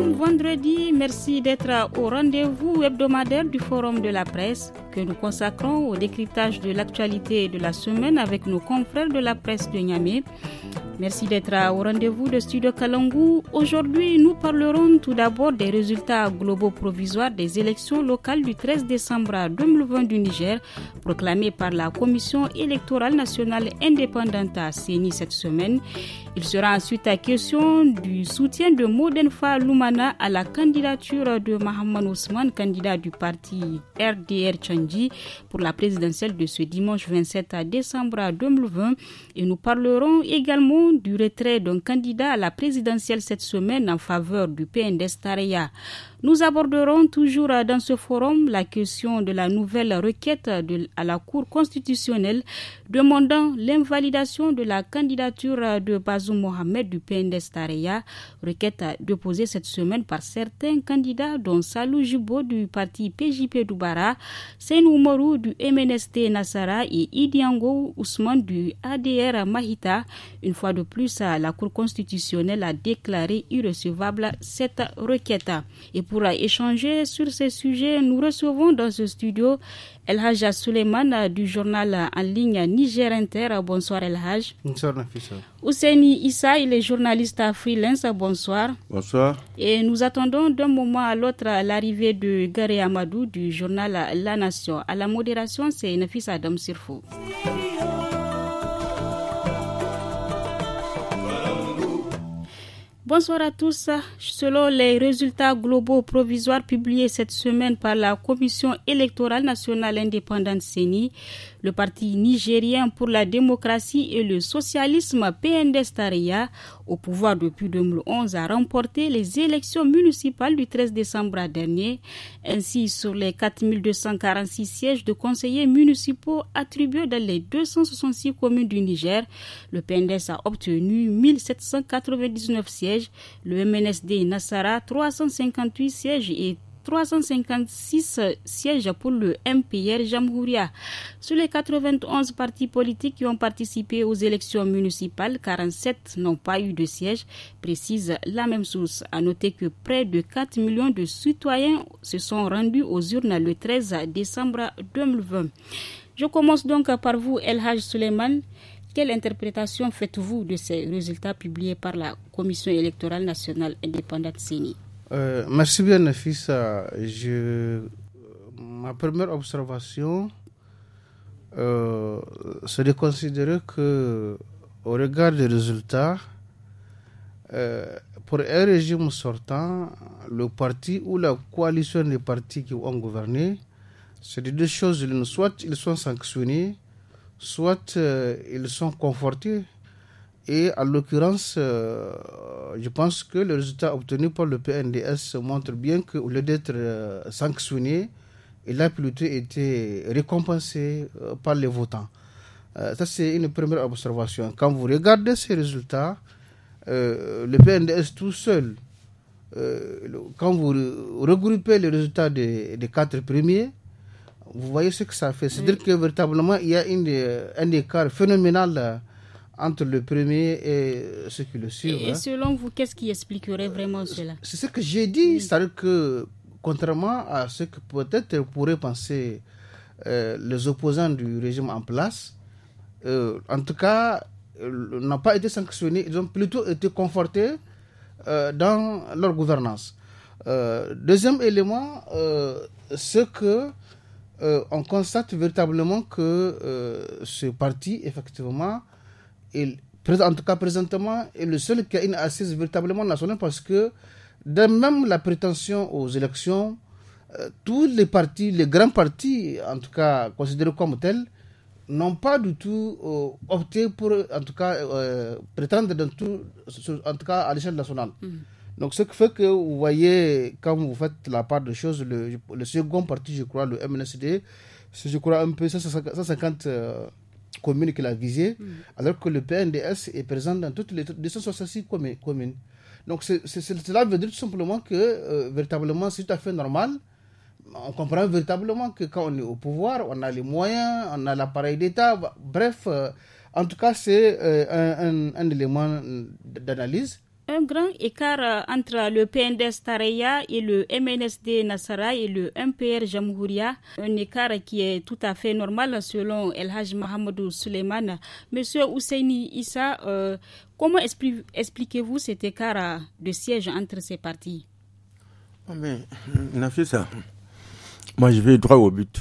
vendredi. Merci d'être au rendez-vous hebdomadaire du Forum de la presse que nous consacrons au décryptage de l'actualité de la semaine avec nos confrères de la presse de Niamey. Merci d'être au rendez-vous de Studio Kalangou. Aujourd'hui, nous parlerons tout d'abord des résultats globaux provisoires des élections locales du 13 décembre 2020 du Niger, proclamées par la Commission électorale nationale indépendante à CENI cette semaine. Il sera ensuite à question du soutien de Modenfa Loumana à la candidature de Mohamed Ousmane, candidat du parti RDR Changi pour la présidentielle de ce dimanche 27 décembre 2020. Et nous parlerons également du retrait d'un candidat à la présidentielle cette semaine en faveur du PNDS Tareya. Nous aborderons toujours dans ce forum la question de la nouvelle requête à la Cour constitutionnelle demandant l'invalidation de la candidature de Bazoum Mohamed du PNDS requête déposée cette semaine par certains candidats dont Salou Jubo du parti PJP Doubara, Senou Morou du MNST Nassara et Idiango Ousmane du ADR Mahita. Une fois de plus, la Cour constitutionnelle a déclaré irrecevable cette requête. Pour échanger sur ces sujets, nous recevons dans ce studio El Hajj Suleiman du journal en ligne Niger Inter. Bonsoir El Bonsoir Nafisa. Ouseni Issa, il est journaliste à freelance. Bonsoir. Bonsoir. Et nous attendons d'un moment à l'autre l'arrivée de Gary Amadou du journal La Nation. À la modération, c'est Nafisa Adam Sirfo. Bonsoir à tous. Selon les résultats globaux provisoires publiés cette semaine par la Commission électorale nationale indépendante CENI, le parti nigérien pour la démocratie et le socialisme PNDS-Taria, au pouvoir depuis 2011, a remporté les élections municipales du 13 décembre dernier. Ainsi, sur les 4246 sièges de conseillers municipaux attribués dans les 266 communes du Niger, le PNDS a obtenu 1799 sièges, le MNSD Nassara 358 sièges et 356 sièges pour le MPR Jamhouria. Sur les 91 partis politiques qui ont participé aux élections municipales, 47 n'ont pas eu de siège, précise la même source. A noter que près de 4 millions de citoyens se sont rendus aux urnes le 13 décembre 2020. Je commence donc par vous, El Haj Suleiman. Quelle interprétation faites-vous de ces résultats publiés par la Commission électorale nationale indépendante CENI euh, merci bien, Nafisa. Je... Euh, ma première observation, euh, c'est de considérer que, au regard des résultats, pour un régime sortant, le parti ou la coalition des partis qui ont gouverné, c'est de deux choses. Soit ils sont sanctionnés, soit ils sont confortés et en l'occurrence, euh, je pense que le résultat obtenu par le PNDS montre bien qu'au lieu d'être euh, sanctionné, il a plutôt été récompensé euh, par les votants. ça, c'est une première observation. Quand vous regardez ces résultats, le PNDS tout seul, quand vous regroupez les résultats des, quatre premiers, vous voyez ce que ça fait. C'est-à-dire que véritablement, il y a une, un écart phénoménal entre le premier et ceux qui le suivent. Et, hein. selon vous, qu'est-ce qui expliquerait vraiment cela C'est ce que j'ai dit, c'est-à-dire que contrairement à ce que peut-être pourraient penser euh, les opposants du régime en place, euh, en tout cas, ils euh, n'ont pas été sanctionnés, ils ont plutôt été confortés dans leur gouvernance. deuxième élément, ce que on constate véritablement que ce parti, effectivement, en tout cas présentement, est le seul qui a une assise véritablement nationale parce que de même la prétention aux élections, euh, tous les partis, les grands partis, en tout cas considérés comme tels, n'ont pas du tout euh, opté pour, en tout cas, euh, prétendre dans tout, en tout cas à l'échelle nationale. Mm. Donc, ce qui fait que vous voyez, quand vous faites la part de choses, le, second parti, je crois, le MNSD, je crois un peu 150 communes qu'il l'a visées, mm. alors que le PNDS est présent dans toutes les 266 communes. Donc cela veut dire tout simplement que euh, véritablement c'est tout à fait normal. On comprend véritablement que quand on est au pouvoir, on a les moyens, on a l'appareil d'État. Bref, euh, en tout cas, c'est euh, un, élément d'analyse un grand écart euh, entre le PNDS Tareya et le MNSD Nasara et le MPR Jamhouria, un écart qui est tout à fait normal selon El Haj Mohamedou Suleiman. Monsieur Ousseini Issa, euh, comment expliquez-vous cet écart euh, de siège entre ces partis a ah, fait Nafisa, moi je vais droit au but.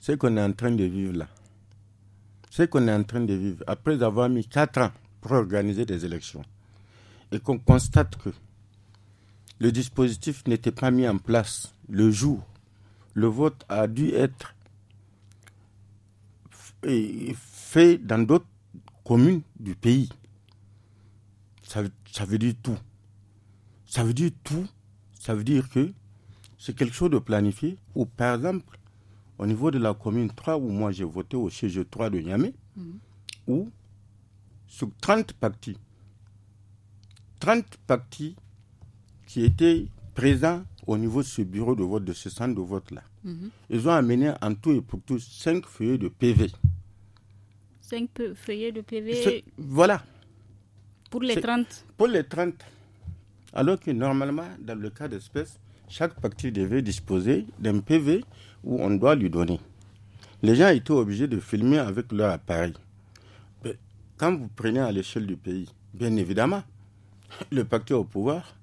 Ce qu'on est en train de vivre là, ce qu'on est en train de vivre, après avoir mis quatre ans pour organiser des élections, et qu'on constate que le dispositif n'était pas mis en place le jour, le vote a dû être fait dans d'autres communes du pays. Ça, veut dire tout. Ça veut dire tout. Ça veut dire que c'est quelque chose de planifié. Ou par exemple, au niveau de la commune 3, où moi j'ai voté au cg 3 de Niamey, mhm. où sur 30 parties, 30 partis qui étaient présents au niveau de ce bureau de vote, de ce centre de vote-là. Mhm. Ils ont amené en tout et pour tout 5 feuillets de PV. 5 feuillets de PV Voilà. Pour les 30 Pour les 30. Alors que normalement, dans le cas d'espèce, chaque parti devait disposer d'un PV où on doit lui donner. Les gens étaient obligés de filmer avec leur appareil. Ben, quand vous prenez à l'échelle du pays, bien évidemment, le pacte au pouvoir,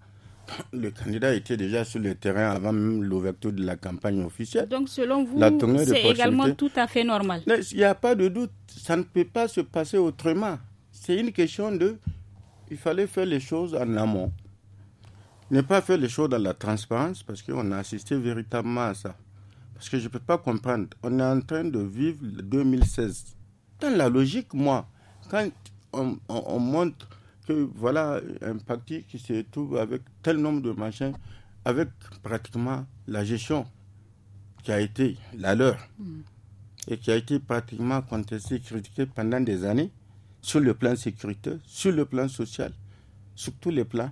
le candidat était déjà sur le terrain avant même l'ouverture de la campagne officielle. Donc, selon vous, c'est également tout à fait normal. Il n'y a pas de doute. Ça ne peut pas se passer autrement. C'est une question de. Il fallait faire les choses en amont. Ne pas faire les choses dans la transparence parce qu'on a assisté véritablement à ça. Parce que je ne peux pas comprendre. On est en train de vivre 2016. Dans la logique, moi, quand on montre que voilà un parti qui se trouve avec tel nombre de machins, avec pratiquement la gestion qui a été la leur mm. et qui a été pratiquement contestée, critiquée pendant des années sur le plan sécuritaire, sur le plan social, sur tous les plans,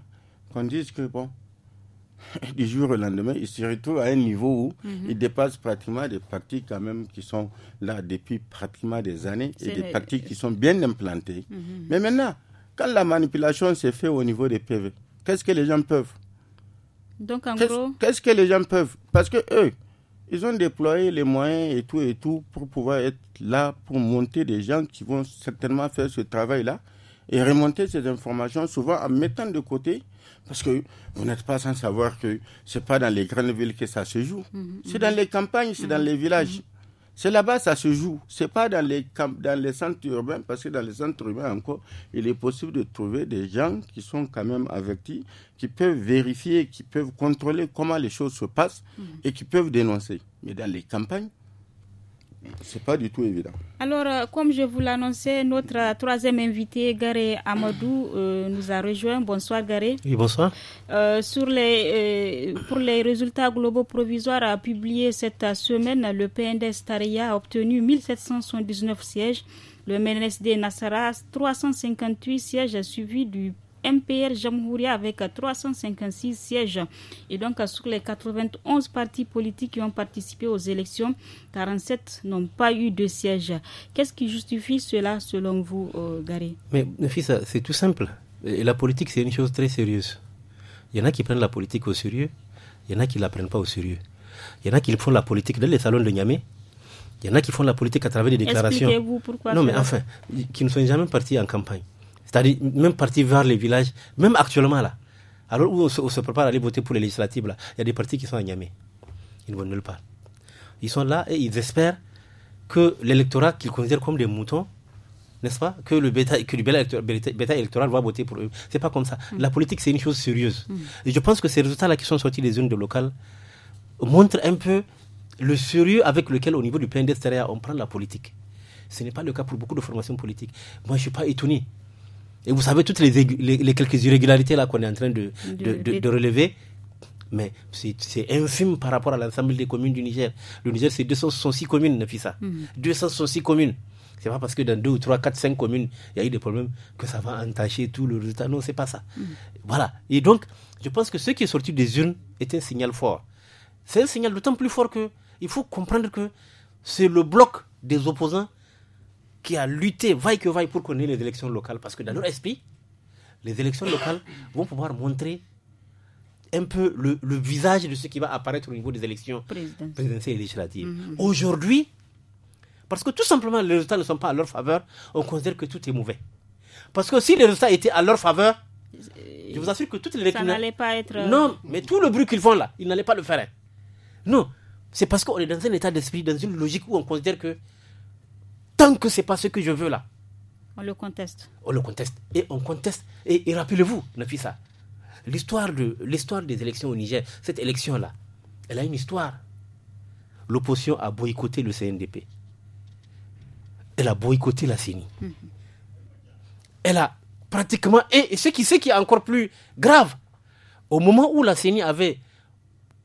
qu'on dise que bon, du jour au lendemain, il se retrouve à un niveau où mm-hmm. il dépasse pratiquement des pratiques quand même qui sont là depuis pratiquement des années et des pratiques qui euh, sont bien implantées, mm-hmm. Mais maintenant, quand la manipulation se fait au niveau des PV, qu'est-ce que les gens peuvent Donc, en gros. Qu'est-ce que les gens peuvent Parce que eux, ils ont déployé les moyens et tout et tout pour pouvoir être là, pour monter des gens qui vont certainement faire ce travail-là et remonter ces informations souvent en mettant de côté parce que vous n'êtes pas sans savoir que ce n'est pas dans les grandes villes que ça se joue. Mhm, c'est dans mhm. les campagnes, c'est dans mhm, les villages. C'est là-bas ça se joue. C'est pas dans les, dans les centres urbains, parce que dans les centres urbains encore, il est possible de trouver des gens qui sont quand même avertis, qui peuvent vérifier, qui peuvent contrôler comment les choses se passent mm. et qui peuvent dénoncer. Mais dans les campagnes, c'est pas du tout évident. Alors, euh, comme je vous l'annonçais, notre troisième invité, Garé Amadou, euh, nous a rejoint. Bonsoir, Garé. Oui, bonsoir. Euh, sur les, pour les résultats globaux provisoires publiés cette semaine, le PND Staria a obtenu 1779 sièges, le MNSD Nassara 358 sièges, suivi du MPR Jamhouria avec 356 sièges. Et donc, sur les 91 partis politiques qui ont participé aux élections, 47 n'ont pas eu de sièges. Qu'est-ce qui justifie cela selon vous, euh, Gary Mais fils, c'est tout simple. Et la politique, c'est une chose très sérieuse. Il y en a qui prennent la politique au sérieux, il y en a qui ne la prennent pas au sérieux. Il y en a qui font la politique dans les salons de Niamey, il y en a qui font la politique à travers des déclarations. Expliquez-vous pourquoi Non, mais enfin, qui ne sont jamais partis en campagne. C'est-à-dire même partir vers les villages, même actuellement là. Alors où on se, prépare à aller voter pour les législatives là, il y a des partis qui sont à Ils ne vont nulle part. Ils sont là et ils espèrent que l'électorat qu'ils considèrent comme des moutons, n'est-ce pas, que le bétail, électoral va voter pour eux. C'est pas comme ça. Mm. La politique, c'est une chose sérieuse. Mm. je pense que ces résultats-là qui sont sortis des zones de local montrent un peu le sérieux avec lequel, au niveau du plein d'extérieur, on prend la politique. Ce n'est pas le cas pour beaucoup de formations politiques. Moi, je ne suis pas étonné. Et vous savez toutes les, quelques irrégularités là qu'on est en train de, relever. Mais c'est infime par rapport à l'ensemble des communes du Niger. Le Niger, c'est 266 communes, Nafisa. 266 mm-hmm. communes. C'est pas parce que dans deux ou trois, quatre, cinq communes, il y a eu des problèmes que ça va entacher tout le résultat. Non, c'est pas ça. Mm-hmm. Voilà. Et donc, je pense que ce qui est sorti des urnes est un signal fort. C'est un signal d'autant plus fort qu'il faut comprendre que c'est le bloc des opposants qui a lutté, vaille que vaille, pour qu'on ait les élections locales. Parce que dans leur esprit, les élections locales vont pouvoir montrer un peu le, visage de ce qui va apparaître au niveau des élections présidentielles et législatives. Mhm. Aujourd'hui, parce que tout simplement les résultats ne sont pas à leur faveur, on considère que tout est mauvais. Parce que si les résultats étaient à leur faveur, je vous assure que toutes les... Ça n'allait pas être... Euh, non, mais tout le bruit qu'ils font là, ils n'allaient pas le faire. Non, c'est parce qu'on est dans un état d'esprit, dans une logique où on considère que tant que n'est pas ce que je veux là. On le conteste. On le conteste. Et on conteste. Et, rappelez-vous, ça. l'histoire de l'histoire des élections au Niger, cette élection-là, elle a une histoire. L'opposition a boycotté le CNDP. Elle a boycotté la CENI. Hum. Elle a pratiquement. Et, ce, qui, ce qui est encore plus grave, au moment où la CENI avait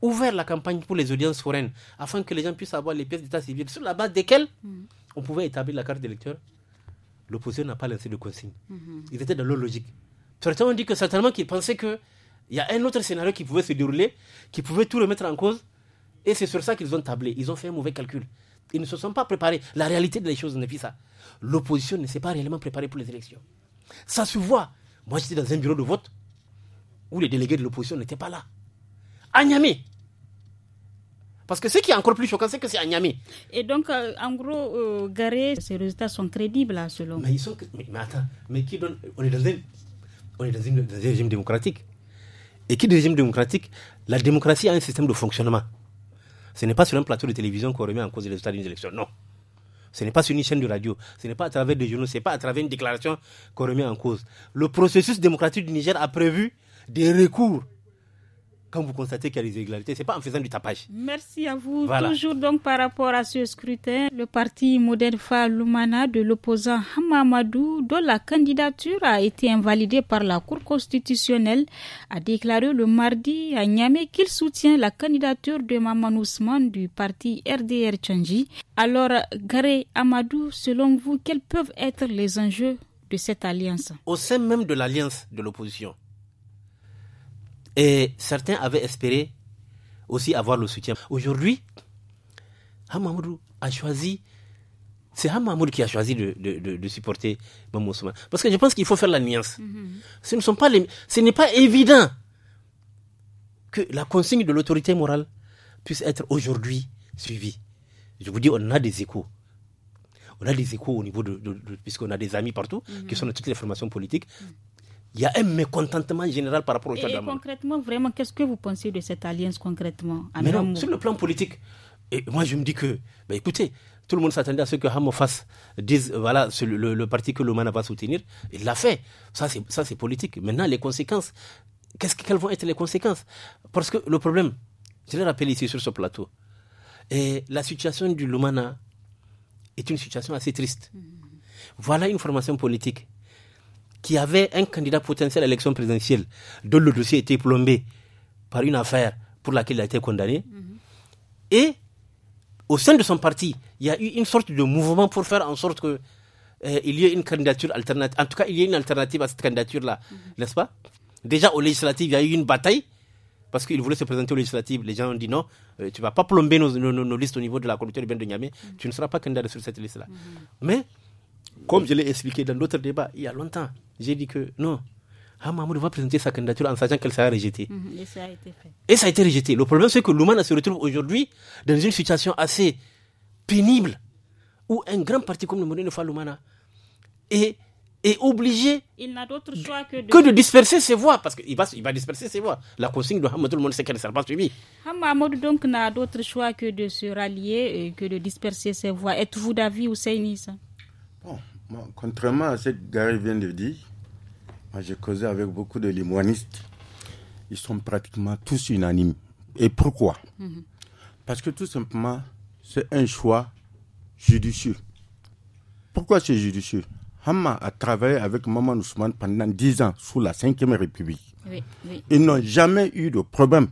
ouvert la campagne pour les audiences foraines afin que les gens puissent avoir les pièces d'état civil sur la base desquelles hum on pouvait établir la carte d'électeur. L'opposition n'a pas lancé de consigne. Mhm. Ils étaient dans leur logique. Certains ont dit que certainement qu'ils pensaient qu'il y a un autre scénario qui pouvait se dérouler, qui pouvait tout remettre en cause. Et c'est sur ça qu'ils ont tablé. Ils ont fait un mauvais calcul. Ils ne se sont pas préparés. La réalité des choses n'est plus ça. L'opposition ne s'est pas réellement préparée pour les élections. Ça se voit. Moi, j'étais dans un bureau de vote où les délégués de l'opposition n'étaient pas là. À parce que ce qui est encore plus choquant, c'est que c'est à Niamey. Et donc, euh, en gros, euh, Garé, ces résultats sont crédibles, selon. Mais ils sont. Mais, attends, mais qui donne. On est dans un, on un régime démocratique. Et qui dit régime démocratique La démocratie a un système de fonctionnement. Ce n'est pas sur un plateau de télévision qu'on remet en cause les résultats d'une élection. Non. Ce n'est pas sur une chaîne de radio, ce n'est pas à travers des journaux, ce n'est pas à travers une déclaration qu'on remet en cause. Le processus démocratique du Niger a prévu des recours quand vous constatez qu'il y a des irrégularités, ce n'est pas en faisant du tapage. Merci à vous. Toujours donc par rapport à ce scrutin, le parti Fa Lumana de l'opposant Hamamadou, dont la candidature a été invalidée par la Cour constitutionnelle, a déclaré le mardi à Niamey qu'il soutient la candidature de Maman Ousmane du parti RDR Tchangi. Alors, Garé Amadou, selon vous, quels peuvent être les enjeux de cette alliance Au sein même de l'alliance de l'opposition, et certains avaient espéré aussi avoir le soutien. Aujourd'hui, a choisi. C'est Hamamoud qui a choisi de, de, de, supporter Mamou Parce que je pense qu'il faut faire la nuance. Mhm. Ce ne sont pas ce n'est pas évident que la consigne de l'autorité morale puisse être aujourd'hui suivie. Je vous dis, on a des échos. On a des échos au niveau de, puisqu'on a des amis partout mhm. qui sont dans toutes les formations politiques. Mhm il y a un mécontentement général par rapport au Tchad. Et, concrètement, vraiment, qu'est-ce que vous pensez de cette alliance concrètement Mais Sur le plan politique, et moi je me dis que, bah, écoutez, tout le monde s'attendait à ce que Hamo dise, euh, voilà, le, parti que Loumana va soutenir. Il l'a fait. Ça, c'est politique. Maintenant, les conséquences, qu'est-ce quelles vont être les conséquences Parce que le problème, je le rappelé ici sur ce plateau, et la situation du Lumana est une situation assez triste. Mm. Voilà une formation politique qui avait un candidat potentiel à l'élection présidentielle, dont le dossier était plombé par une affaire pour laquelle il a été condamné. Mhm. Et au sein de son parti, il y a eu une sorte de mouvement pour faire en sorte que euh, il y ait une candidature alternative. En tout cas, il y a une alternative à cette candidature-là, mhm. n'est-ce pas Déjà au législatif, il y a eu une bataille parce qu'il voulait se présenter au législatif. Les gens ont dit non, euh, tu ne vas pas plomber nos, listes au niveau de la communauté urbaine de Niamey, mhm. tu ne seras pas candidat sur cette liste-là. Mais comme je l'ai expliqué dans d'autres débats il y a longtemps, j'ai dit que non, Hamamoud ah, va présenter sa candidature en sachant qu'elle sera rejetée. Mhm, et ça a été fait. Et ça a été rejeté. Le problème, c'est que Loumana se retrouve aujourd'hui dans une situation assez pénible où un grand parti comme le Fa Loumana est, est obligé que de... disperser ses voix parce qu'il va, il va disperser ses voix. La consigne de Hamamoud, tout le monde sait qu'elle ne sera pas suivie. Hamamoud ah, donc n'a d'autre choix que de se rallier et euh, que de disperser ses voix. Êtes-vous d'avis ou ni Bon, contrairement à ce que Gary vient de dire, j'ai causé avec beaucoup de limonistes. Ils sont pratiquement tous unanimes. Et pourquoi mhm. Parce que tout simplement, c'est un choix judicieux. Pourquoi c'est judicieux Hamma a travaillé avec Maman Ousmane pendant 10 ans sous la 5 République. Ils n'ont jamais eu de problème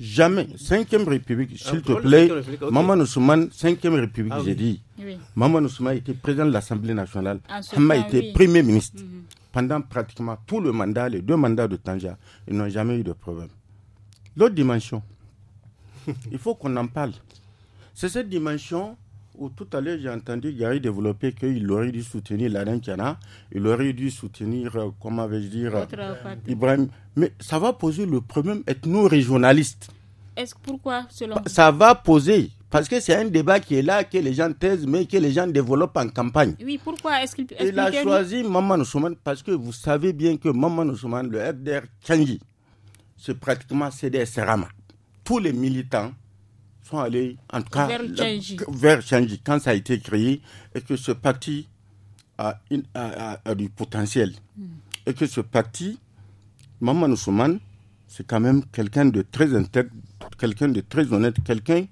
Jamais. Cinquième République, s'il te plaît. Maman Ousmane, cinquième République, ah j'ai dit. Maman Maman Ousmane était président de l'Assemblée nationale. Maman a été premier ministre. Mhm. Pendant pratiquement tout le mandat, les deux mandats de Tanja, ils n'ont jamais eu de problème. L'autre dimension, il faut qu'on en parle. C'est cette dimension où tout à l'heure j'ai entendu Gary développer qu'il aurait dû soutenir Laden Kiana, il aurait dû soutenir, euh, comment vais-je dire, Ibrahim. Mais ça va poser le problème ethno-régionaliste. Est-ce pourquoi selon bah, Ça va poser. Parce que c'est un débat qui est là, que les gens taisent, mais que les gens développent en campagne. Oui, pourquoi est-ce qu'il Il a choisi Maman Ousmane parce que vous savez bien que Maman Ousmane, le FDR Kangi, c'est pratiquement CDS Rama. Tous les militants sont allés, en tout cas, vers, Changi, quand ça a été créé, et que ce parti a, du potentiel. Hmm. Et que ce parti, Maman Ousmane, c'est quand même quelqu'un de très intègre, quelqu'un de très honnête, quelqu'un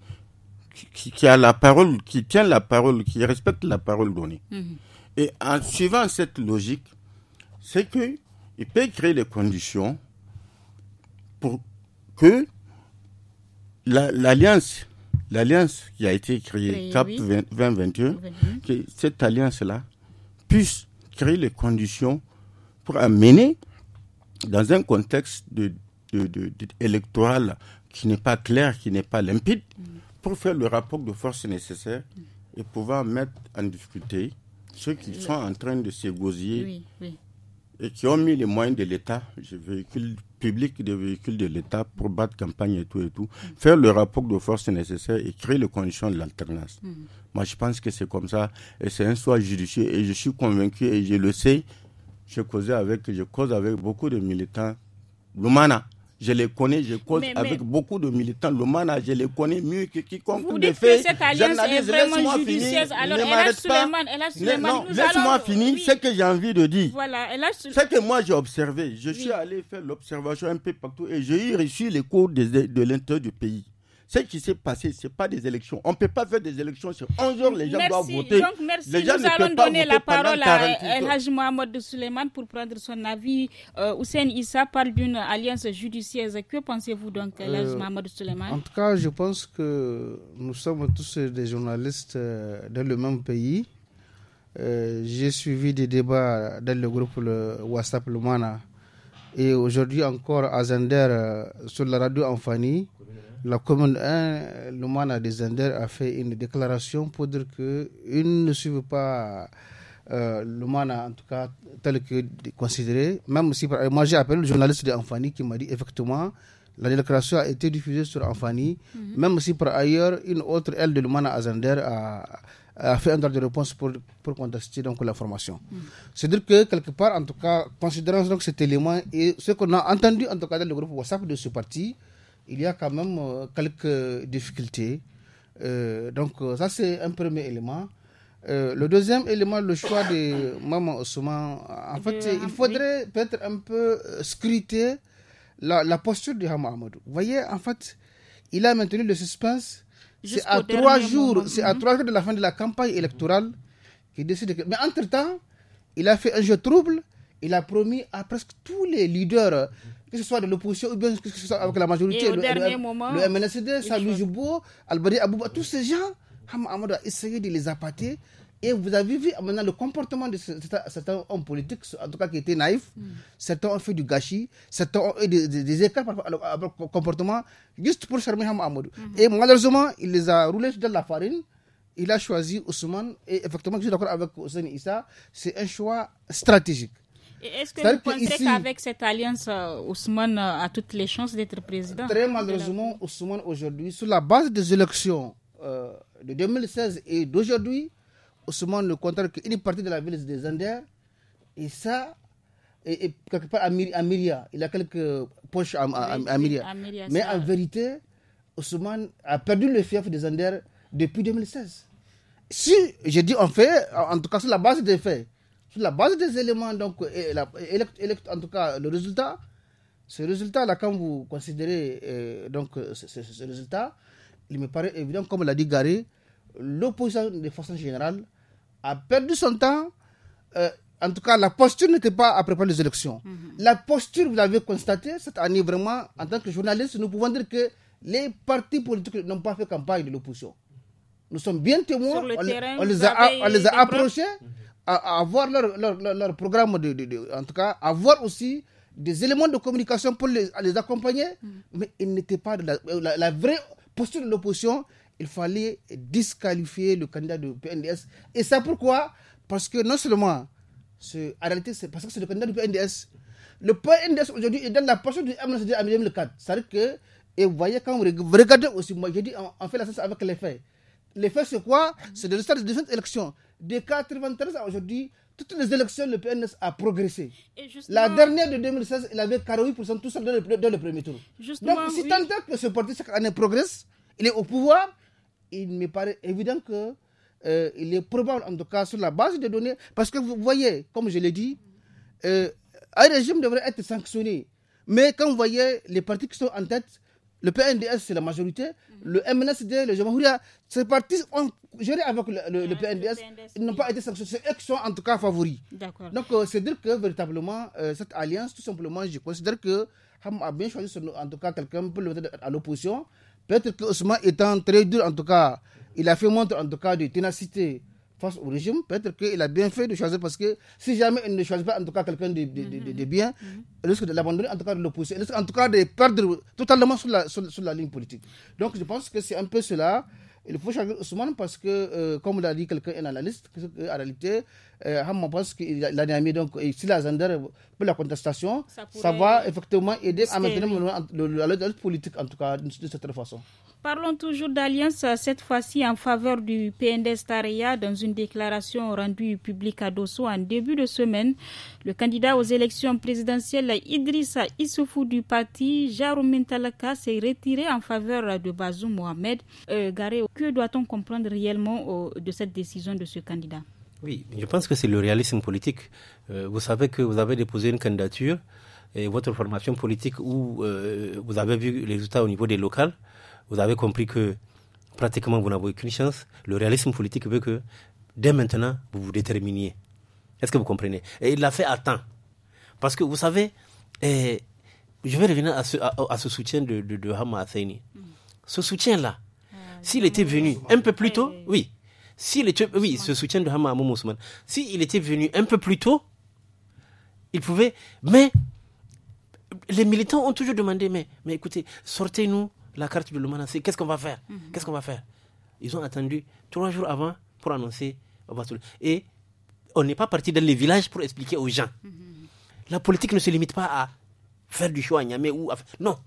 qui, a la parole, qui tient la parole, qui respecte la parole donnée. Hmm. Et en suivant cette logique, c'est que il peut créer les conditions pour que l'alliance, l'alliance qui a été créée, CAP 2021, 20, que cette alliance-là puisse créer les conditions pour amener, dans un contexte de, électoral qui n'est pas clair, qui n'est pas limpide, mm. pour faire le rapport de force nécessaire et pouvoir mettre en difficulté ceux qui sont en train de s'égosiller oui, et qui ont mis les moyens de l'État, les véhicules publics, des véhicules de l'État pour battre campagne et tout et tout, faire le rapport de force nécessaire et créer les conditions de l'alternance. Mm. Moi, je pense que c'est comme ça et c'est un choix judicieux et je suis convaincu et je le sais. Je causais avec, je cause avec beaucoup de militants Lumana je les connais, je compte avec beaucoup de militants. Le MANA, je les connais mieux que quiconque. Vous dites fait, que cette alliance est vraiment Alors, laisse-moi finir ce que j'ai envie de dire. Ce que moi j'ai observé, je suis allé faire l'observation un peu partout et j'ai reçu les cours de l'intérieur du pays. Ce qui s'est passé, ce n'est pas des élections. On ne peut pas faire des élections. sur 11 heures, les gens doivent voter. merci. Nous allons donner la parole à El euh, Haj Mohamed Suleiman pour prendre son avis. Euh, Issa parle d'une alliance judiciaire. Que pensez-vous donc, El Haj euh, Mohamed Suleiman En tout cas, je pense que nous sommes tous des journalistes euh, dans le même pays. j'ai suivi des débats dans le groupe WhatsApp Lumana et aujourd'hui encore à Zender sur la radio Fani. La commune 1, l'Umana de Zender a fait une déclaration pour dire qu'ils ne suivent pas euh, en tout cas, tel que considéré. Même si, moi, j'ai appelé le journaliste de Anfani qui m'a dit effectivement, la déclaration a été diffusée sur Anfani, mhm. même si par ailleurs, une autre aile de Lumana Azender a, a fait un droit de réponse pour, pour contester donc, la mhm. C'est-à-dire que, quelque part, en tout cas, considérant donc, cet élément et ce qu'on a entendu, en tout cas, dans le groupe WhatsApp de ce parti, il y a quand même euh, quelques difficultés. Euh, donc euh, ça c'est un premier élément. le deuxième élément, le choix de Maman Ousmane, en fait, il faudrait peut-être un peu scruter la, posture de Hama Vous voyez, en fait, il a maintenu le suspense. C'est à, trois jours, c'est à trois jours de la fin de la campagne électorale qu'il décide. Que... Mais entre-temps, il a fait un jeu trouble. Il a promis à presque tous les leaders que ce soit de l'opposition ou bien que ce soit avec la majorité. le, e dernier le, moment, le MNSD, Abouba, tous ces gens, Hamadou a essayé de les appâter. Et vous avez vu maintenant le comportement de certains hommes politiques, en tout cas qui étaient naïfs. Hmm. Certains ont fait du gâchis, certains ont eu des, des, écarts par rapport comportement, juste pour charmer Hamadou. Hmm. Et malheureusement, il les a roulés dans la farine. Il a choisi Ousmane. Et effectivement, je suis d'accord avec Ousmane Issa, c'est un choix stratégique. Est-ce que vous pensez qu'avec cette alliance, euh, Ousmane euh, a toutes les chances d'être président Très malheureusement, Ousmane aujourd'hui, sur la base des élections euh, de 2016 et d'aujourd'hui, Ousmane ne compte qu'une partie de la ville des Andes. Et ça, et, quelque part à, Il a quelques poches à, à, Mais en vérité, Ousmane a perdu le fief des Andes depuis 2016. Si, j'ai dit en fait, en tout cas sur la base des faits, la base des éléments, donc, et en tout cas, le résultat, ce résultat-là, quand vous considérez euh, donc, euh, ce, résultat, il me paraît évident, comme l'a dit Gary, l'opposition de façon générale a perdu son temps. Euh, en tout cas, la posture n'était pas à préparer les élections. Mm-hmm. La posture, vous l'avez constaté, cette année vraiment, en tant que journaliste, nous pouvons dire que les partis politiques n'ont pas fait campagne de l'opposition. Nous sommes bien témoins, on, les a, les a, approchés. Mm-hmm à, avoir leur, leur, leur, programme, de, de, en tout cas, avoir aussi des éléments de communication pour les, les accompagner, mm. mais ils n'étaient pas la, vraie posture de l'opposition. Il fallait disqualifier le candidat du PNDS. Et ça pourquoi Parce que non seulement, en réalité, c'est parce que c'est le candidat du PNDS. Le PNDS aujourd'hui est dans la posture du MNCD en 2004. C'est-à-dire que, et vous voyez, quand vous regardez aussi, moi j'ai dit, on, fait la science avec les faits. Les faits, c'est quoi mm. C'est le résultat des différentes élections de 93 à aujourd'hui, toutes les élections, le PNS a progressé. la dernière de 2016, il avait 48% tout seul dans le, premier tour. Donc, si tant est que ce parti chaque année progresse, il est au pouvoir, il me paraît évident que euh, il est probable, en tout cas, sur la base des données, parce que vous voyez, comme je l'ai dit, euh, un régime devrait être sanctionné. Mais quand vous voyez les partis qui sont en tête, le PNDS, c'est la majorité, mhm. le MNSD, le Jamahouria, ces partis ont géré avec le, PNDS, ils n'ont pas été sanctionnés, c'est eux qui sont en tout cas favoris. Donc euh, c'est dire que véritablement, euh, cette alliance, tout simplement, je considère que Ham a bien choisi, en tout cas, quelqu'un pour le mettre à l'opposition. Peut-être que Ousmane étant très dur, en tout cas, il a fait montre, en tout cas, de ténacité face au régime, peut-être qu'il a bien fait de choisir parce que si jamais il ne choisit pas en tout cas quelqu'un de, de, de, bien, il mm-hmm. mm-hmm. risque de l'abandonner, en tout cas de le il risque en tout cas de perdre totalement sur la, sur, la ligne politique. Donc je pense que c'est un peu cela. Il faut changer Ousmane parce que, euh, comme l'a dit quelqu'un, un analyste, euh, en réalité, euh, pense qu'il a mis donc, si la Zander pour la contestation, ça, va effectivement aider à maintenir le le politique, en tout cas, de cette façon. Parlons toujours d'alliance, euh, cette fois-ci en faveur du PNDS Tareya. Dans une déclaration rendue publique à Dosso en début de semaine, le candidat aux élections présidentielles Idrissa Issoufou du parti, Jaroumin s'est retiré en faveur de Bazou Mohamed. Euh, Garé, que doit-on comprendre réellement de cette décision de ce candidat Oui, je pense que c'est le réalisme politique. Euh, vous savez que vous avez déposé une candidature et votre formation politique où euh, vous avez vu les résultats au niveau des locales vous avez compris que pratiquement vous n'avez aucune chance. Le réalisme politique veut que dès maintenant, vous vous déterminiez. Est-ce que vous comprenez Et il l'a fait à temps. Parce que vous savez, eh, je vais revenir à ce, à, ce soutien de, de, de Hama mm. Ce soutien-là, ah, s'il était venu un peu plus tôt, oui. S'il était, oui, ce soutien de Hama à si s'il était venu un peu plus tôt, il pouvait. Mais les militants ont toujours demandé mais, mais écoutez, sortez-nous la carte de Lumana, c'est qu'est-ce qu'on va faire mhm. Qu'est-ce qu'on va faire Ils ont attendu trois jours avant pour annoncer Et on n'est pas parti dans les villages pour expliquer aux gens. Mhm, mhm. La politique ne se limite pas à faire du choix à Niamey ou Non.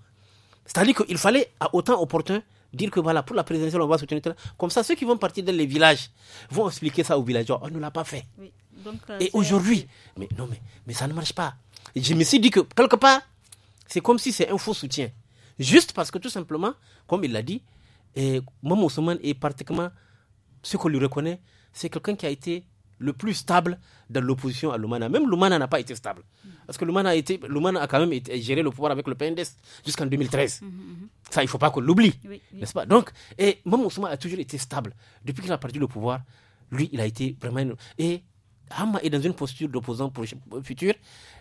C'est-à-dire qu'il fallait, à autant opportun, dire que voilà, pour la présidentielle, on va soutenir. Comme ça, ceux qui vont partir dans les villages vont expliquer ça aux villageois. On ne l'a pas fait. Euh, Et aujourd'hui, mais non, mais, mais ça ne marche pas. je me suis dit que quelque part, c'est comme si c'est un faux soutien. Juste parce que tout simplement, comme il l'a dit, et est pratiquement ce qu'on lui reconnaît, c'est quelqu'un qui a été le plus stable dans l'opposition à Lumana. Même Lumana n'a pas été stable. Parce que Lumana a, été, a quand même géré le pouvoir avec le PNDS jusqu'en 2013. Mmh, mmh, mmh. Ça, il ne faut pas qu'on l'oublie. N'est-ce pas Donc, et a toujours été stable. Depuis qu'il a perdu le pouvoir, lui, il a été vraiment. Et Hama est dans une posture d'opposant futur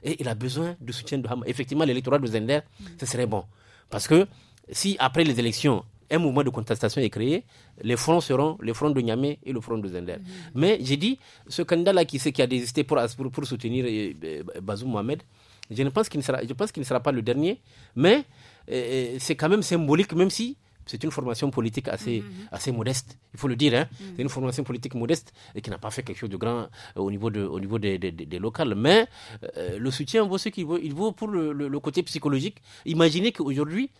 et il a besoin du soutien de Hama. Effectivement, l'électorat de Zender, ce serait bon. Parce que si après les élections, un mouvement de contestation est créé, les fronts seront le front de Niamey et le front de Zender. Mm. Mais j'ai dit, ce candidat-là qui, a désisté pour, soutenir euh, euh, Bazoum Mohamed, je pense qu'il ne sera, pas le dernier, mais euh, c'est quand même symbolique, même si c'est une formation politique assez, mm-hmm. assez modeste, il faut le dire. Hein. Mm. C'est une formation politique modeste et qui n'a pas fait quelque chose de grand euh, au niveau, de, au niveau des, locales. Mais euh, le soutien vaut ce qu'il vaut. Il vaut pour le, le côté psychologique. Imaginez qu'aujourd'hui,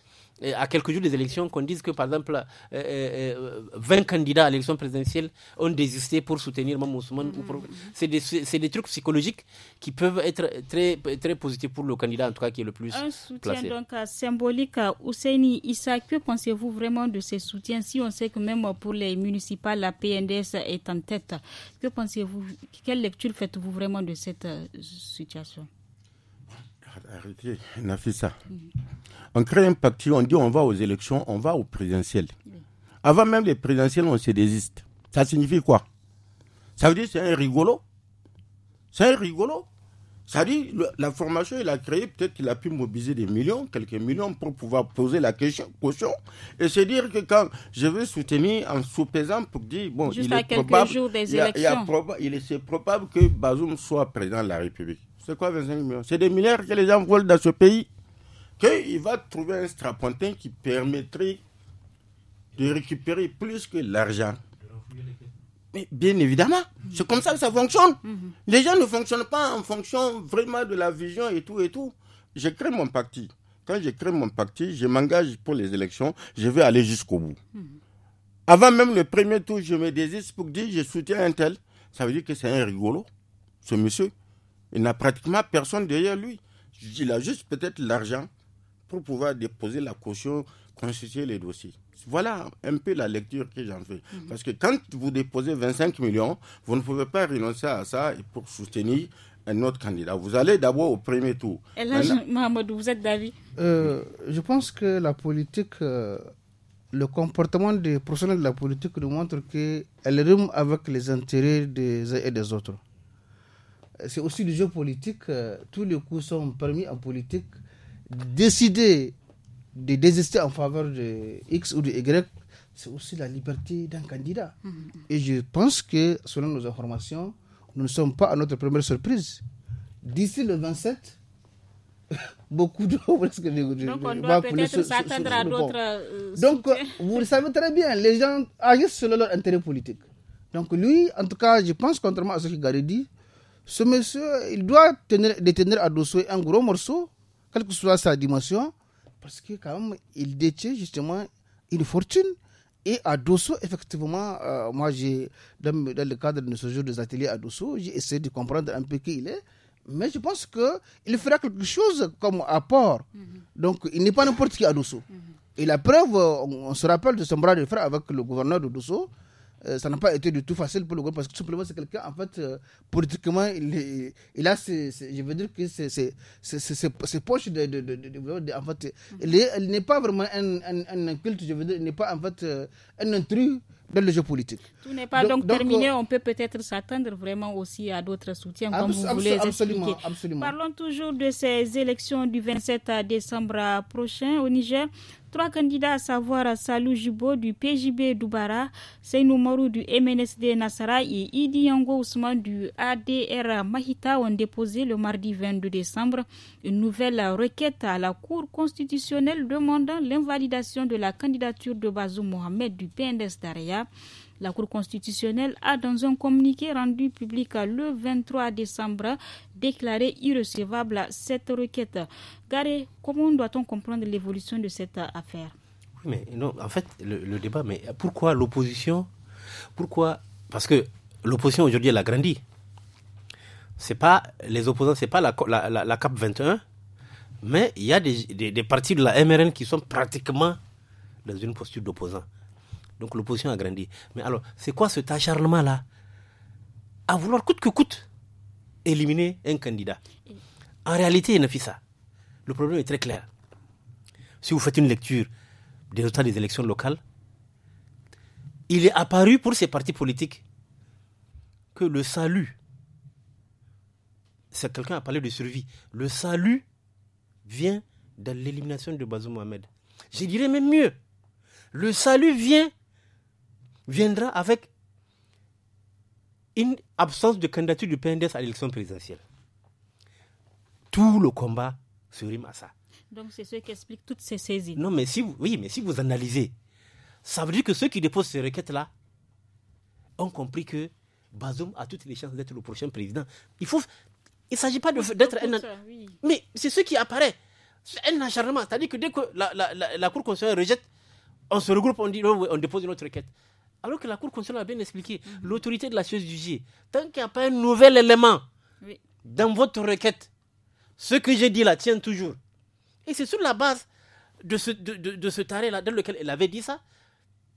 à quelques jours des élections, qu'on dise que, par exemple, 20 euh, euh, euh, candidats à l'élection présidentielle ont désisté pour soutenir Mme Ousmane. Mm, mm, mm. C'est des, trucs psychologiques qui peuvent être très, très positifs pour le candidat, en tout cas, qui est le plus Un soutien donc symbolique à Ousseini Issa. Que pensez-vous vraiment de ces soutiens si on sait que même pour les municipales, la PNDS est en tête Que pensez-vous Quelle lecture faites-vous vraiment de cette situation Arrêtez, a fait ça On crée un parti, on dit on va aux élections, on va aux présidentielles. Avant même les présidentielles, on se désiste. Ça signifie quoi Ça veut dire c'est un rigolo. C'est un rigolo. Ça veut dire la formation, il a créé, peut-être qu'il a pu mobiliser des millions, quelques millions pour pouvoir poser la question, caution. Et se dire que quand je veux soutenir en sous-pesant pour dire, bon, il, est probable, il, est probable que Bazoum soit président de la République. C'est quoi 25 millions C'est des milliards que les gens volent dans ce pays. Qu'il va trouver un strapontin qui permettrait de récupérer plus que l'argent. Mais bien évidemment, c'est comme ça que ça fonctionne. Mhm. Les gens ne fonctionnent pas en fonction vraiment de la vision et tout et tout. Je crée mon parti. Quand je crée mon parti, je m'engage pour les élections, je vais aller jusqu'au bout. Mhm. Avant même le premier tour, je me désiste pour dire je soutiens un tel. Ça veut dire que c'est un rigolo, ce monsieur. Il n'a pratiquement personne derrière lui. Il a juste peut-être l'argent pour pouvoir déposer la caution, constituer les dossiers. Voilà un peu la lecture que j'en fais. Mhm. Parce que quand vous déposez 25 millions, vous ne pouvez pas renoncer à ça pour soutenir un autre candidat. Vous allez d'abord au premier tour. Et là, Mohamed, vous êtes d'avis euh, Je pense que la politique, euh, le comportement des professionnels de la politique nous montre qu'elle rime avec les intérêts des uns et des autres c'est aussi du jeu politique. Euh, tous les coups sont permis en politique. Décider de désister en faveur de X ou de Y, c'est aussi la liberté d'un candidat. Mm-hmm. Et je pense que, selon nos informations, nous ne sommes pas à notre première surprise. D'ici le 27, beaucoup de... Donc, on doit peut-être s'attendre à d'autres... Euh, Donc, vous le savez très bien, les gens agissent selon leur intérêt politique. Donc, lui, en tout cas, je pense, contrairement à ce que a dit, ce monsieur, il doit détenir à dossier un gros morceau, quelle que soit sa dimension, parce que quand même, il détient justement une fortune. Et à Dosso, effectivement, euh, moi, j'ai dans, le cadre de ce jour des ateliers à Dosso, j'ai essayé de comprendre un peu qui il est. Mais je pense qu'il fera quelque chose comme apport. Mhm. Donc, il n'est pas n'importe qui à Dosso. Mhm. Et la preuve, on, se rappelle de son bras de fer avec le gouverneur de Dosso. Euh, ça n'a pas été du tout facile pour le gouvernement parce que tout simplement, c'est quelqu'un, en fait, euh, politiquement, il, a, je veux dire que c'est poches de, En fait, il n'est pas vraiment un, un, culte, je veux dire, il n'est pas, en fait, euh, un intrus dans le jeu politique. Tout n'est pas donc, terminé. on peut peut-être s'attendre vraiment aussi à d'autres soutiens, comme vous voulez absolument, Absolument. Parlons toujours de ces élections du 27 décembre prochain au Niger. Trois candidats, à savoir Salou jibo du PJB Doubara, Seynou Marou du MNSD Nassara et Idi Yango Ousmane du ADR Mahita ont déposé le mardi 22 décembre une nouvelle requête à la Cour constitutionnelle demandant l'invalidation de la candidature de Bazoum Mohamed du PNS Daria la Cour constitutionnelle a, dans un communiqué rendu public le 23 décembre, déclaré irrecevable cette requête. Garé, comment doit-on comprendre l'évolution de cette affaire Oui, mais en fait, le, débat, mais pourquoi l'opposition Pourquoi Parce que l'opposition aujourd'hui, elle a grandi. C'est pas les opposants, c'est pas la, CAP 21, mais il y a des, des partis de la MRN qui sont pratiquement dans une posture d'opposant. Donc l'opposition a grandi. Mais alors, c'est quoi cet acharnement-là À vouloir coûte que coûte éliminer un candidat. En réalité, il ne fait ça. Le problème est très clair. Si vous faites une lecture des résultats des élections locales, il est apparu pour ces partis politiques que le salut, c'est quelqu'un a parlé de survie, le salut vient de l'élimination de Bazoum Mohamed. Je dirais même mieux, le salut vient viendra avec une absence de candidature du PNDS à l'élection présidentielle. Tout le combat se rime à ça. Donc c'est ce qui explique toutes ces saisies. Non, mais si vous, oui, mais si vous analysez, ça veut dire que ceux qui déposent ces requêtes-là ont compris que Bazoum a toutes les chances d'être le prochain président. Il ne il s'agit pas d'être un, mais c'est ce qui apparaît. C'est un acharnement, c'est-à-dire que dès que la, Cour constitutionnelle rejette, on se regroupe, on dit on dépose une autre requête. Alors que la Cour constitutionnelle a bien expliqué, mhm. l'autorité de la du jugée, tant qu'il n'y a pas un nouvel élément dans votre requête, ce que j'ai dit là tient toujours. Et c'est sur la base de ce, de, ce taré-là, dans lequel elle avait dit ça,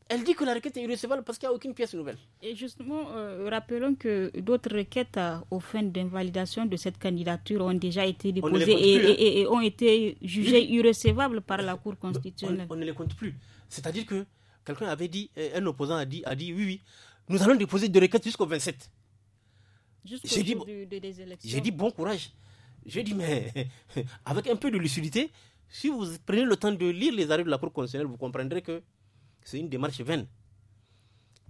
elle dit que la requête est irrecevable parce qu'il n'y a aucune pièce nouvelle. Et justement, euh, rappelons que d'autres requêtes au euh, aux fins d'invalidation de cette candidature ont déjà été déposées hein. et, ont été jugées irrécevables par la Cour bah, constitutionnelle. on ne les compte plus. C'est-à-dire que Quelqu'un avait dit, euh, un opposant a dit, a dit oui, oui, nous allons déposer des requêtes jusqu'au 27. Jusqu'au j'ai dit, J'ai dit bon courage. J'ai dit mais avec un peu de lucidité, si vous prenez le temps de lire les arrêts de la Cour constitutionnelle, vous comprendrez que c'est une démarche vaine.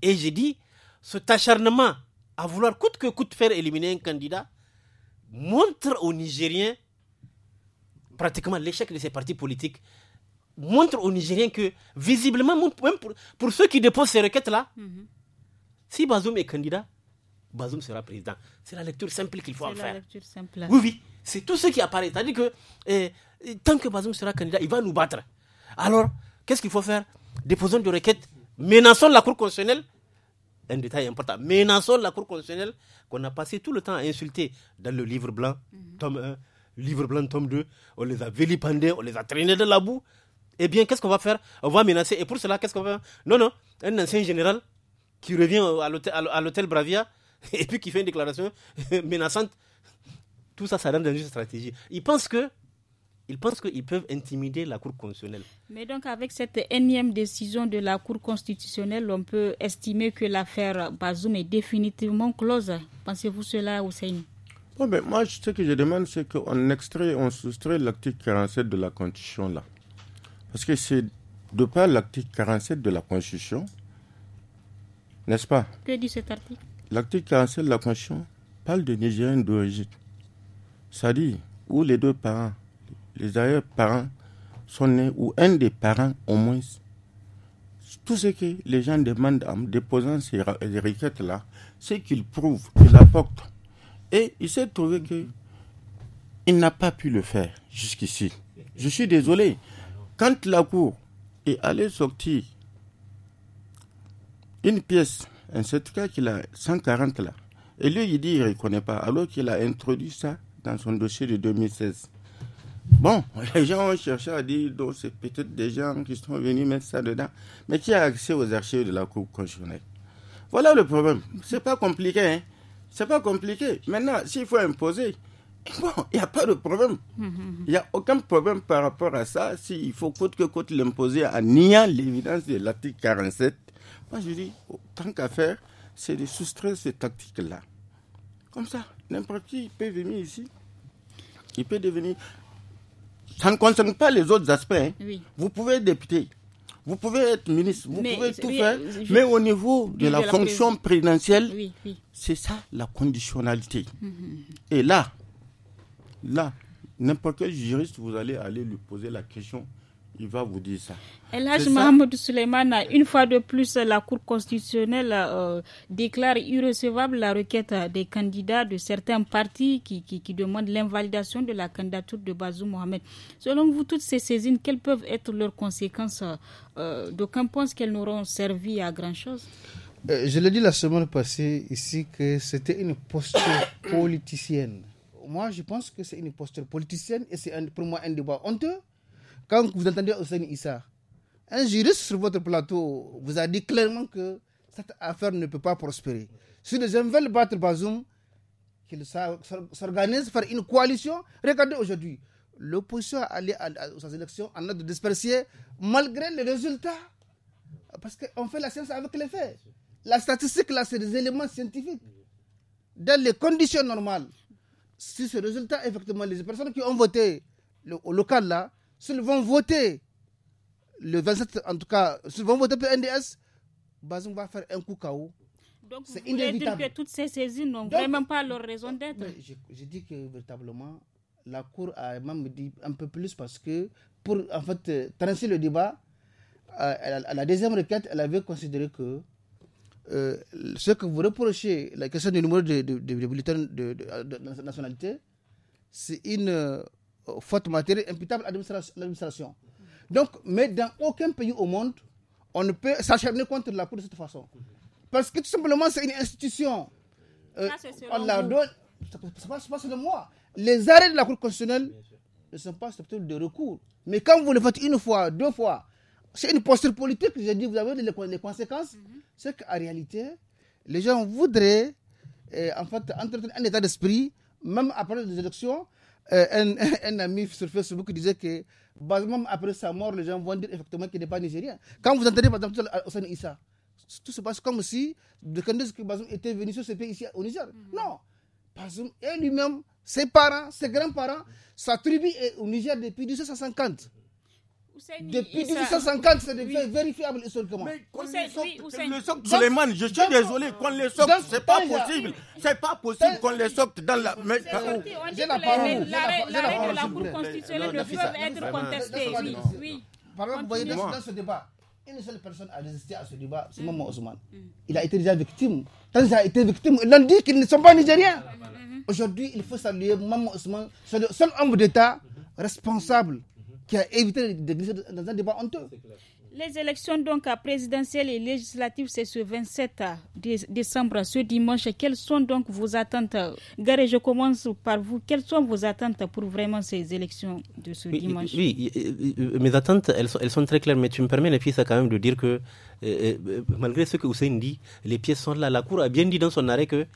Et j'ai dit, cet acharnement à vouloir coûte que coûte faire éliminer un candidat montre aux Nigériens pratiquement l'échec de ces partis politiques montre aux Nigériens que, visiblement, même pour, pour ceux qui déposent ces requêtes-là, mhm. si Bazoum est candidat, Bazoum sera président. C'est la lecture simple qu'il faut en la faire. Lecture simple. Oui, oui. C'est tout ce qui apparaît. C'est-à-dire que eh, tant que Bazoum sera candidat, il va nous battre. Alors, qu'est-ce qu'il faut faire Déposons des requêtes, menaçons la Cour constitutionnelle. Un détail important. Menaçons la Cour constitutionnelle qu'on a passé tout le temps à insulter dans le livre blanc, mhm. tome 1, livre blanc, tome 2. On les a vilipendés, on les a traînés de la boue eh bien, qu'est-ce qu'on va faire On va menacer. Et pour cela, qu'est-ce qu'on va faire Non, non, un ancien général qui revient à l'hôtel Bravia et puis qui fait une déclaration menaçante. Tout ça, ça donne une stratégie. Ils pensent que qu'ils peuvent intimider la Cour constitutionnelle. Mais donc, avec cette énième décision de la Cour constitutionnelle, on peut estimer que l'affaire Bazoum est définitivement close. Pensez-vous cela, Hussein Moi, ce que je demande, c'est qu'on extrait, on soustrait l'article 47 de la Constitution là. Parce que c'est de par l'article 47 de la Constitution, n'est-ce pas Que dit cet article L'article 47 de la Constitution parle de Nigériens d'origine. C'est-à-dire où les deux parents, les ailleurs parents, sont nés, ou un des parents au moins. Tout ce que les gens demandent en déposant ces requêtes-là, c'est qu'ils prouvent, qu'ils apportent. Et il s'est trouvé qu'il n'a pas pu le faire jusqu'ici. Je suis désolé. Quand la cour est allée sortir une pièce, en ce cas qu'il a 140 là, et lui il dit il ne reconnaît pas, alors qu'il a introduit ça dans son dossier de 2016. Bon, les gens ont cherché à dire donc c'est peut-être des gens qui sont venus mettre ça dedans, mais qui a accès aux archives de la Cour constitutionnelle Voilà le problème. C'est pas compliqué, hein. C'est pas compliqué. Maintenant, s'il faut imposer, Bon, il n'y a pas de problème. Mm-hmm. Il n'y a aucun problème par rapport à ça. S'il faut coûte que coûte l'imposer en niant l'évidence de l'article 47, moi je dis, oh, tant qu'à faire, c'est de soustraire cette tactique là Comme ça, n'importe qui peut venir ici. Il peut devenir. Ça ne concerne pas les autres aspects. Hein. Vous pouvez être député, vous pouvez être ministre, vous pouvez tout faire. Mais au niveau de, la, fonction présidentielle, c'est ça la conditionnalité. Mm-hmm. Et là, Là, n'importe quel juriste, vous allez aller lui poser la question il va vous dire ça. Elhaj Mohamed Souleymane, une fois de plus, la Cour constitutionnelle euh, déclare irrecevable la requête des candidats de certains partis qui, demandent l'invalidation de la candidature de Bazou Mohamed. Selon vous, toutes ces saisines, quelles peuvent être leurs conséquences euh, D'aucuns pensent qu'elles n'auront servi à grand-chose euh, Je l'ai dit la semaine passée ici que c'était une posture politicienne moi, je pense que c'est une posture politicienne et c'est pour moi un débat honteux. Quand vous entendez Hossein Issa, un juriste sur votre plateau vous a dit clairement que cette affaire ne peut pas prospérer. Si les gens veulent battre Bazoum, qu'ils s'organisent, faire une coalition. Regardez aujourd'hui, l'opposition a allé aux élections en ordre dispersé malgré les résultats. Parce qu'on fait la science avec les faits. La statistique, là, c'est des éléments scientifiques. Dans les conditions normales, si ce résultat, effectivement, les personnes qui ont voté au local là, s'ils vont voter le 27, en tout cas, s'ils vont voter pour NDS, Bazoum va faire un coup KO. Donc, c'est inévitable. Dire que toutes ces saisies n'ont vraiment pas leur raison d'être. Je, dis que véritablement, la Cour a même dit un peu plus parce que, pour en fait euh, tracer le débat, à euh, la deuxième requête, elle avait considéré que euh, ce que vous reprochez, la question du numéro de, de, de, nationalité, c'est une euh, faute matérielle imputable à l'administration. Donc, mais dans aucun pays au monde, on ne peut s'acharner contre la Cour de cette façon. Parce que tout simplement, c'est une institution. Euh, on la donne. pas, pas moi. Les arrêts de la Cour constitutionnelle ne sont pas susceptibles de recours. Mais quand vous le faites une fois, deux fois, c'est une posture politique, j'ai dit, vous avez les, conséquences. Mm-hmm c'est qu'en réalité, les gens voudraient euh, en fait, entretenir un état d'esprit, même après les élections. Euh, un, ami sur Facebook disait que, bah, même après sa mort, les gens vont dire effectivement qu'il n'est pas nigérien. Quand vous entendez, par exemple, de Issa, tout se passe comme si de que Bazoum était venu sur ce pays ici au Niger. Mhm. Non! Bazoum est lui-même, ses parents, ses grands-parents, sa tribu est au Niger depuis 1950. Depuis 1850, c'est oui. vérifiable historiquement. Mais les je suis désolé, qu'on les sorte, c'est pas possible. C'est pas possible qu'on les sorte dans la. Mais, oh. La l'arrêt de la Cour constitutionnelle ne peut être contesté. Oui, Par exemple, vous voyez dans ce débat, une seule personne a résisté à ce débat, c'est mm. Maman Ousmane. Mm. Il a été déjà victime. Tant qu'il a été victime, il dit qu'ils ne sont pas nigériens. Mm, Aujourd'hui, il faut saluer Maman Ousmane, c'est le seul homme d'État responsable qui a évité de glisser dans un débat honteux. Les élections donc présidentielles et législatives, c'est ce 27 décembre, ce dimanche. Quelles sont donc vos attentes Gare, je commence par vous. Quelles sont vos attentes pour vraiment ces élections de ce dimanche Oui, mes attentes, elles sont, elles sont, très claires, mais tu me permets, les filles, ça quand même de dire que, malgré ce que Hussein dit, les pièces sont là. La Cour a bien dit dans son arrêt que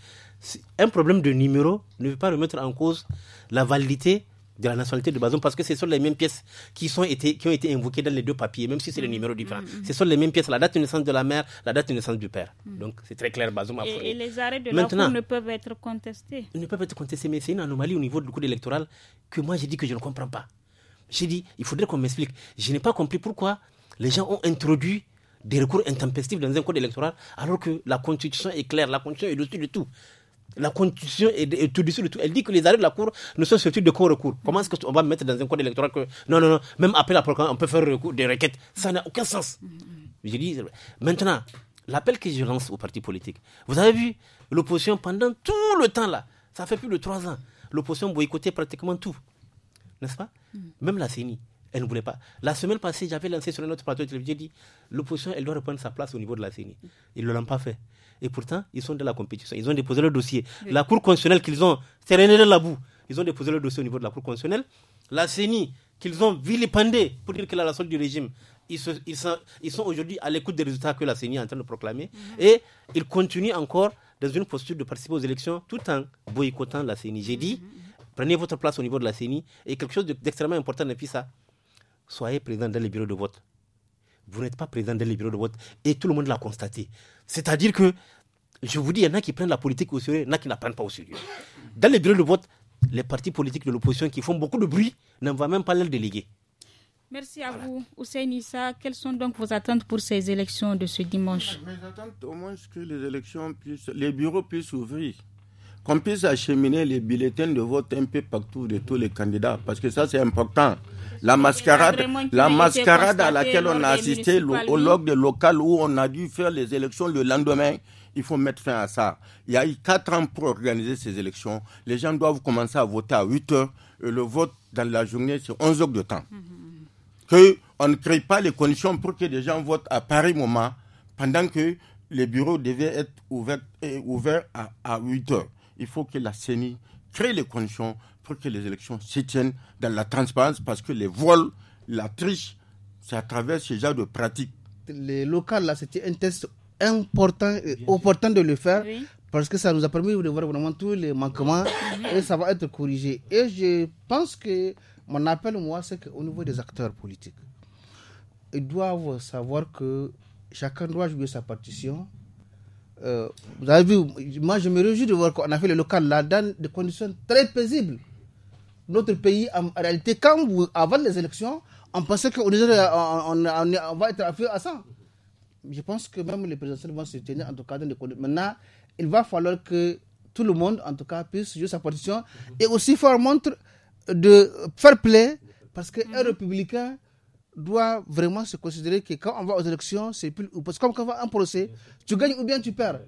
un problème de numéro ne veut pas remettre en cause la validité de la nationalité de Bazoum parce que ce sont les mêmes pièces qui, sont été, qui ont été invoquées dans les deux papiers, même si c'est le numéro mm. numéros différents. Mm, mm. Ce sont les mêmes pièces, la date de naissance de la mère, la date de naissance du père. Donc c'est très clair, Bazoum et, les arrêts de Maintenant, la ne peuvent être contestés. Ils ne peuvent être contestés, mais c'est une anomalie au niveau du code électoral que moi j'ai dit que je ne comprends pas. J'ai dit, il faudrait qu'on m'explique. Je n'ai pas compris pourquoi les gens ont introduit des recours intempestifs dans un code électoral alors que la constitution est claire, la constitution est au-dessus de tout. La Constitution est, tout dessus de tout. Elle dit que les arrêts de la Cour ne sont surtout de court recours. Comment est-ce qu'on va mettre dans un code électoral que non, non, non, même appel à proclamation, on peut faire recours, des requêtes Ça n'a aucun sens. Mm, mm, mm. Je dis, maintenant, l'appel que je lance aux partis politiques, vous avez vu, l'opposition pendant tout le temps là, ça fait plus de trois ans, l'opposition boycottait pratiquement tout. N'est-ce pas Même la CENI elle ne voulait pas. La semaine passée, j'avais lancé sur notre plateau de télévision, j'ai dit, l'opposition, elle doit reprendre sa place au niveau de la CENI. Ils ne l'ont pas fait. Et pourtant, ils sont dans la compétition. Ils ont déposé le dossier. La Cour constitutionnelle qu'ils ont, c'est René la boue. Ils ont déposé le dossier au niveau de la Cour constitutionnelle. La CENI, qu'ils ont vilipendé pour dire a la solde du régime, ils, sont, ils sont aujourd'hui à l'écoute des résultats que la CENI est en train de proclamer. Mhm. Et ils continuent encore dans une posture de participer aux élections tout en boycottant la CENI. J'ai dit, mhm, mhm, prenez votre place au niveau de la CENI. Et quelque chose d'extrêmement important depuis ça, soyez présents dans les bureaux de vote vous n'êtes pas dans les bureaux de vote. Et tout le monde l'a constaté. C'est-à-dire que, je vous dis, il y en a qui prennent la politique au sérieux, il y en a qui ne la prennent pas au sérieux. Dans les bureaux de vote, les partis politiques de l'opposition qui font beaucoup de bruit ne vont même pas les déléguer. Merci à vous, Hussein Issa. Quelles sont donc vos attentes pour ces élections de ce dimanche Mes attentes, au moins, que les élections puissent, les bureaux puissent ouvrir qu'on puisse acheminer les bulletins de vote un peu partout de tous les candidats, parce que ça c'est important. La mascarade, la mascarade à laquelle on a assisté au log local où on a dû faire les élections le lendemain, il faut mettre fin à ça. Il y a eu quatre ans pour organiser ces élections. Les gens doivent commencer à voter à 8 heures. Et le vote dans la journée, c'est 11 heures de temps. Mm-hmm. Que on ne crée pas les conditions pour que les gens votent à paris moment, pendant que les bureaux devaient être ouverts, euh, à, à 8 heures il faut que la CENI crée les conditions pour que les élections se tiennent dans la transparence parce que les vols, la triche, c'est à travers ce genre de pratiques. Les locales, là, c'était un test important et euh, opportun de le faire parce que ça nous a permis de voir vraiment tous les manquements mhm. et ça va être corrigé. Et je pense que mon appel, moi, c'est qu'au niveau des acteurs politiques, ils doivent savoir que chacun doit jouer sa partition euh, vous avez vu, moi je me réjouis de voir qu'on a fait le local là dans des conditions très paisibles. Notre pays, en, réalité, quand vous, avant les élections, on pensait qu'on on, on, on, va être à ça. Je pense que même les présidentielles vont se tenir en tout cas dans des conditions. Maintenant, il va falloir que tout le monde, en tout cas, puisse jouer sa position et aussi faire montre de faire play parce qu'un mhm. républicain doit vraiment se considérer que quand on va aux élections, c'est plus ou comme quand on va un procès, tu gagnes ou bien tu perds.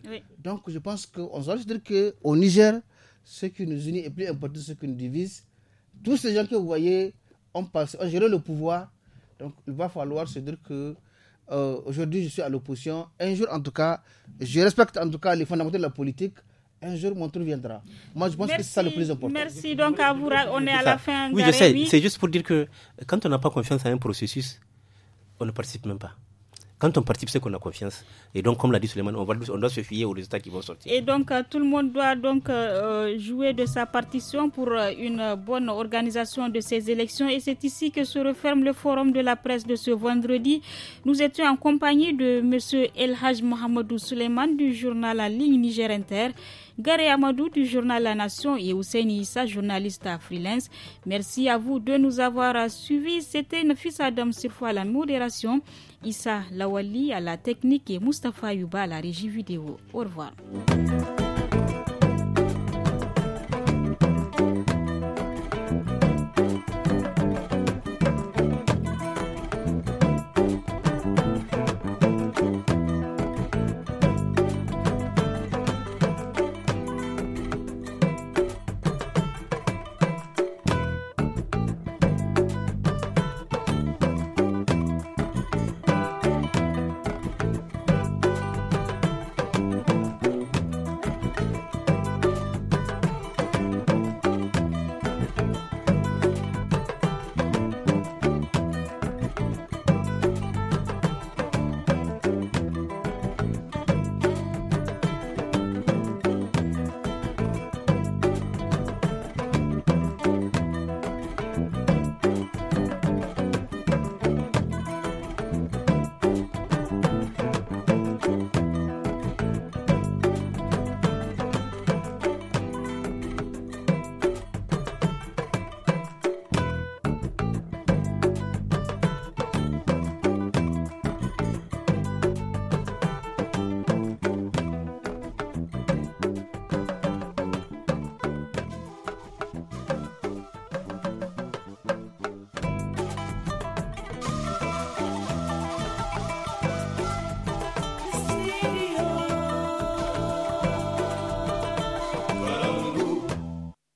Donc je pense qu'on doit se dire qu'au Niger, ce qui nous unit est plus important que ce qui nous divise. Tous ces gens que vous voyez ont, passé, ont géré le pouvoir. Donc il va falloir se dire que euh, aujourd'hui je suis à l'opposition. Un jour en tout cas, je respecte en tout cas les fondamentaux de la politique un jour mon tour viendra. Moi, je pense que c'est ça le plus important. Merci. Donc, à vous, on est, à la fin. Oui, je sais. C'est juste pour dire que quand on n'a pas confiance à un processus, on ne participe même pas. Quand on participe, c'est qu'on a confiance. Et donc, comme l'a dit Suleiman, on, doit se fier aux résultats qui vont sortir. Et donc, euh, tout le monde doit donc euh, euh, jouer de sa partition pour une bonne organisation de ces élections. Et c'est ici que se referme le forum de la presse de ce vendredi. Nous étions en compagnie de M. Elhaj Mohamedou Suleiman du journal La Ligne Niger Inter. Gare Amadou du journal La Nation et Ousseini Issa, journaliste à freelance. Merci à vous de nous avoir suivis. C'était Nafis Adam Sirfo à la modération, Issa Lawali à la technique et Mustafa Yuba à la régie vidéo. Au revoir.